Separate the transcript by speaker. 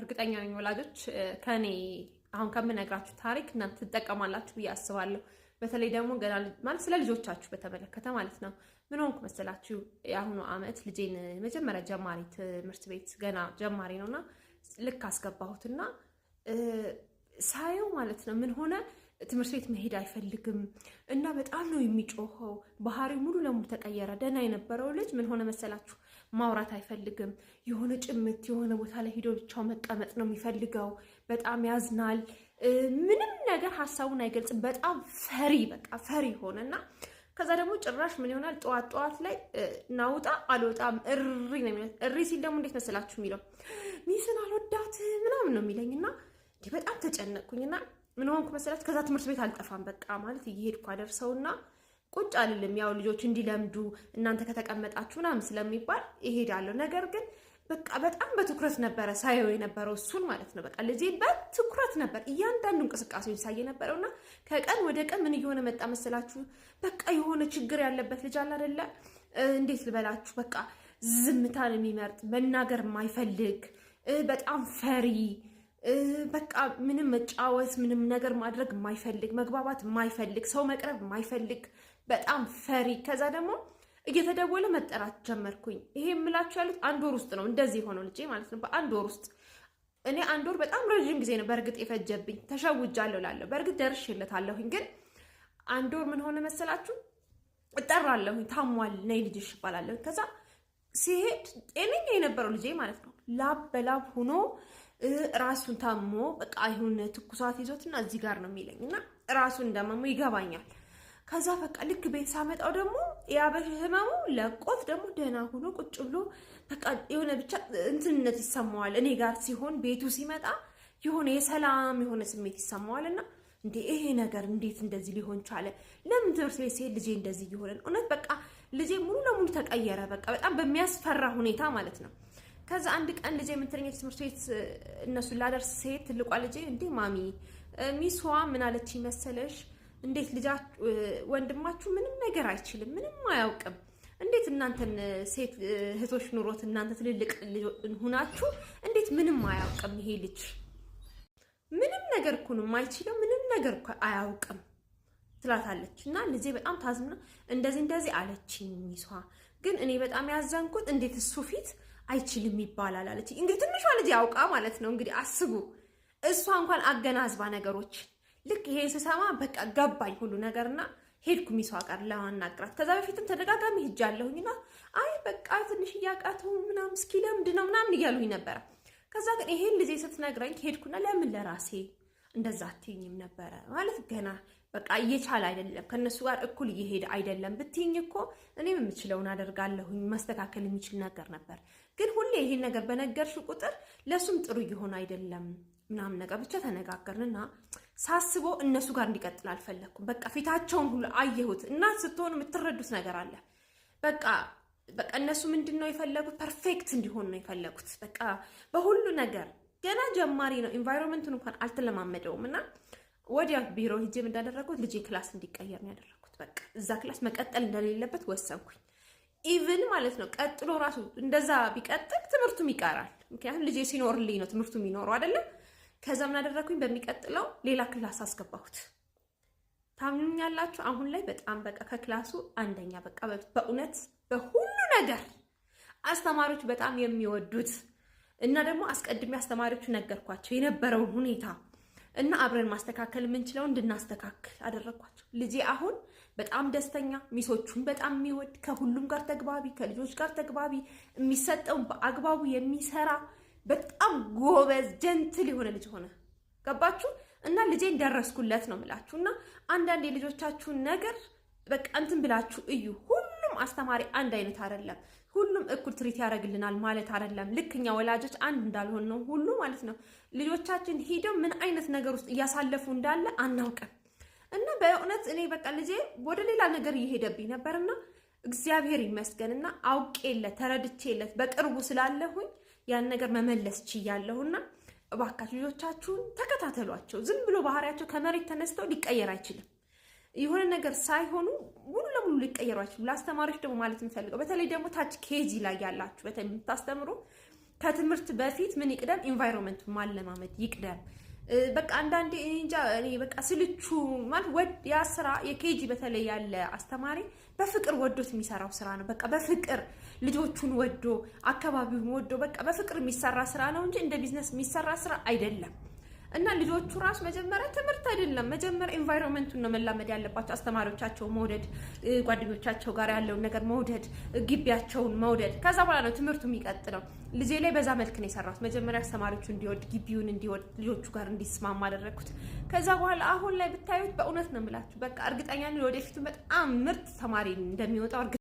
Speaker 1: እርግጠኛ ነኝ ወላጆች ከኔ አሁን ከምነግራችሁ ታሪክ እናንተ ትጠቀማላችሁ ብዬ አስባለሁ። በተለይ ደግሞ ገና ማለት ስለ ልጆቻችሁ በተመለከተ ማለት ነው። ምን ሆንኩ መሰላችሁ? የአሁኑ አመት ልጄን መጀመሪያ ጀማሪ ትምህርት ቤት ገና ጀማሪ ነውና ልክ አስገባሁትና ሳየው ማለት ነው ምን ሆነ ትምህርት ቤት መሄድ አይፈልግም እና በጣም ነው የሚጮኸው። ባህሪው ሙሉ ለሙሉ ተቀየረ። ደህና የነበረው ልጅ ምን ሆነ መሰላችሁ ማውራት አይፈልግም። የሆነ ጭምት የሆነ ቦታ ላይ ሂዶ ብቻው መቀመጥ ነው የሚፈልገው። በጣም ያዝናል። ምንም ነገር ሀሳቡን አይገልጽም። በጣም ፈሪ በቃ ፈሪ ሆነ ሆነና ከዛ ደግሞ ጭራሽ ምን ይሆናል? ጠዋት ጠዋት ላይ ናውጣ አልወጣም እሪ ነው የሚለው። እሪ ሲል ደግሞ እንዴት መሰላችሁ የሚለው ሚስን አልወዳት ምናምን ነው የሚለኝ እና በጣም ተጨነቅኩኝና ምን ሆንኩ መሰላችሁ ከዛ ትምህርት ቤት አልጠፋም በቃ ማለት እየሄድኩ አደርሰውና ቁጭ አልልም። ያው ልጆች እንዲለምዱ እናንተ ከተቀመጣችሁ ምናምን ስለሚባል ይሄዳለሁ። ነገር ግን በቃ በጣም በትኩረት ነበረ ሳየው የነበረው እሱን ማለት ነው። በቃ ልጄ በትኩረት ነበር እያንዳንዱ እንቅስቃሴ ሳየ ነበረው እና ከቀን ወደ ቀን ምን እየሆነ መጣ መሰላችሁ? በቃ የሆነ ችግር ያለበት ልጅ አለ አይደለ? እንዴት ልበላችሁ? በቃ ዝምታን የሚመርጥ መናገር የማይፈልግ በጣም ፈሪ በቃ ምንም መጫወት ምንም ነገር ማድረግ የማይፈልግ መግባባት የማይፈልግ ሰው መቅረብ የማይፈልግ በጣም ፈሪ። ከዛ ደግሞ እየተደወለ መጠራት ጀመርኩኝ። ይሄ የምላችሁ ያሉት አንድ ወር ውስጥ ነው እንደዚህ የሆነው ልጄ ማለት ነው። በአንድ ወር ውስጥ እኔ አንድ ወር በጣም ረዥም ጊዜ ነው በእርግጥ የፈጀብኝ። ተሸውጃለሁ እላለሁ። በእርግጥ ደርሼለታለሁኝ፣ ግን አንድ ወር ምን ሆነ መሰላችሁ? እጠራለሁኝ። ታሟል፣ ነይ ልጅሽ ይባላለሁ። ከዛ ሲሄድ ጤነኛ የነበረው ልጄ ማለት ነው ላብ በላብ ሆኖ ራሱን ታሞ በቃ ይሁን ትኩሳት ይዞትና እዚህ ጋር ነው የሚለኝ እና ራሱን እንደማሞ ይገባኛል። ከዛ በቃ ልክ ቤት ሳመጣው ደግሞ የአበሽ ህመሙ ለቆት ደግሞ ደህና ሆኖ ቁጭ ብሎ በቃ የሆነ ብቻ እንትንነት ይሰማዋል። እኔ ጋር ሲሆን ቤቱ ሲመጣ የሆነ የሰላም የሆነ ስሜት ይሰማዋል እና እንዴ ይሄ ነገር እንዴት እንደዚህ ሊሆን ቻለ? ለምን ትምህርት ቤት ሲሄድ ልጄ እንደዚህ እየሆነ ነው? እውነት በቃ ልጄ ሙሉ ለሙሉ ተቀየረ። በቃ በጣም በሚያስፈራ ሁኔታ ማለት ነው። ከዛ አንድ ቀን ልጄ የምትለኛች ትምህርት ቤት እነሱን ላደርስ ሲሄድ ትልቋ ልጄ እንዴ ማሚ ሚስዋ ምን አለች መሰለሽ እንዴት ልጃችሁ ወንድማችሁ ምንም ነገር አይችልም፣ ምንም አያውቅም፣ እንዴት እናንተን ሴት እህቶች ኑሮት እናንተ ትልልቅ ሁናችሁ እንዴት ምንም አያውቅም? ይሄ ልጅ ምንም ነገር እኮ አይችልም፣ ምንም ነገር እኮ አያውቅም ትላታለች። እና ልጄ በጣም ታዝምና እንደዚህ እንደዚህ አለችኝ። ይሷ ግን እኔ በጣም ያዘንኩት እንዴት እሱ ፊት አይችልም ይባላል አለች። እንግዲህ ትንሿ ልጅ ያውቃ ማለት ነው። እንግዲህ አስቡ እሷ እንኳን አገናዝባ ነገሮች ልክ ይሄ ስሰማ በቃ ገባኝ ሁሉ ነገርና ሄድኩ ሚሷ ጋር ለማናግራት። ከዛ በፊትም ተደጋጋሚ ሄጃለሁኝና አይ በቃ ትንሽ እያቃተው ምናም እስኪ ለምድ ነው ምናምን እያሉኝ ነበረ። ከዛ ግን ይሄን ጊዜ ስትነግረኝ ሄድኩና ለምን ለራሴ እንደዛ አትይኝም ነበረ ማለት ገና በቃ እየቻለ አይደለም ከእነሱ ጋር እኩል እየሄደ አይደለም ብትይኝ እኮ እኔም የምችለውን አደርጋለሁኝ ማስተካከል የሚችል ነገር ነበር። ግን ሁሌ ይሄን ነገር በነገርሽ ቁጥር ለእሱም ጥሩ እየሆነ አይደለም ምናምን ነገር ብቻ ተነጋገርንና ሳስበው እነሱ ጋር እንዲቀጥል አልፈለግኩም። በቃ ፊታቸውን ሁሉ አየሁት እና ስትሆኑ የምትረዱት ነገር አለ። በቃ በቃ እነሱ ምንድን ነው የፈለጉት? ፐርፌክት እንዲሆን ነው የፈለጉት። በቃ በሁሉ ነገር ገና ጀማሪ ነው። ኢንቫይሮንመንቱን እንኳን አልተለማመደውም እና ወዲያ ቢሮ ሂጄም እንዳደረግኩት ልጄ ክላስ እንዲቀየር ነው ያደረግኩት። በቃ እዛ ክላስ መቀጠል እንደሌለበት ወሰንኩኝ። ኢቭን ማለት ነው ቀጥሎ ራሱ እንደዛ ቢቀጥል ትምህርቱም ይቀራል። ምክንያቱም ልጄ ሲኖርልኝ ነው ትምህርቱ የሚኖረው አይደለም ከዛ ምን በሚቀጥለው ሌላ ክላስ አስገባሁት። ታምኑኛላችሁ? አሁን ላይ በጣም በቃ ከክላሱ አንደኛ በቃ በእውነት በሁሉ ነገር አስተማሪዎች በጣም የሚወዱት እና ደግሞ አስቀድሜ አስተማሪዎቹ ነገርኳቸው የነበረውን ሁኔታ እና አብረን ማስተካከል የምንችለው እንድናስተካክል አደረግኳቸው። ልጄ አሁን በጣም ደስተኛ፣ ሚሶቹን በጣም የሚወድ፣ ከሁሉም ጋር ተግባቢ፣ ከልጆች ጋር ተግባቢ፣ የሚሰጠውን በአግባቡ የሚሰራ በጣም ጎበዝ ጀንትል የሆነ ልጅ ሆነ። ገባችሁ? እና ልጄ ደረስኩለት ነው የምላችሁ። እና አንዳንድ የልጆቻችሁን ነገር በቃ እንትን ብላችሁ እዩ። ሁሉም አስተማሪ አንድ አይነት አይደለም። ሁሉም እኩል ትሪት ያደርግልናል ማለት አይደለም። ልክ እኛ ወላጆች አንድ እንዳልሆን ነው ሁሉ ማለት ነው። ልጆቻችን ሂደው ምን አይነት ነገር ውስጥ እያሳለፉ እንዳለ አናውቅም። እና በእውነት እኔ በቃ ልጄ ወደ ሌላ ነገር እየሄደብኝ ነበርና እግዚአብሔር ይመስገንና አውቄለት ተረድቼለት በቅርቡ ስላለሁኝ ያን ነገር መመለስ ችያለሁና እባካችሁ ልጆቻችሁን ተከታተሏቸው። ዝም ብሎ ባህሪያቸው ከመሬት ተነስተው ሊቀየር አይችልም። የሆነ ነገር ሳይሆኑ ሙሉ ለሙሉ ሊቀየሩ አይችሉም። ለአስተማሪዎች ደግሞ ማለት የምፈልገው በተለይ ደግሞ ታች ኬጂ ላይ ያላችሁ በተለይ የምታስተምሩ ከትምህርት በፊት ምን ይቅደም? ኢንቫይሮንመንት ማለማመድ ይቅደም። በቃ አንዳንዴ እንጃ እኔ በቃ ስልቹ ማለት ወድ ያ ስራ የኬጂ በተለይ ያለ አስተማሪ በፍቅር ወዶት የሚሰራው ስራ ነው። በቃ በፍቅር ልጆቹን ወዶ አካባቢውን ወዶ በቃ በፍቅር የሚሰራ ስራ ነው እንጂ እንደ ቢዝነስ የሚሰራ ስራ አይደለም። እና ልጆቹ ራሱ መጀመሪያ ትምህርት አይደለም፣ መጀመሪያ ኤንቫይሮንመንቱን ነው መላመድ ያለባቸው። አስተማሪዎቻቸው መውደድ፣ ጓደኞቻቸው ጋር ያለውን ነገር መውደድ፣ ግቢያቸውን መውደድ። ከዛ በኋላ ነው ትምህርቱ የሚቀጥለው። ልጄ ላይ በዛ መልክ ነው የሰራሁት። መጀመሪያ አስተማሪዎቹ እንዲወድ፣ ግቢውን እንዲወድ፣ ልጆቹ ጋር እንዲስማማ አደረግኩት። ከዛ በኋላ አሁን ላይ ብታዩት በእውነት ነው የምላችሁ። በቃ እርግጠኛ ወደፊቱ በጣም ምርጥ ተማሪ እንደሚወጣው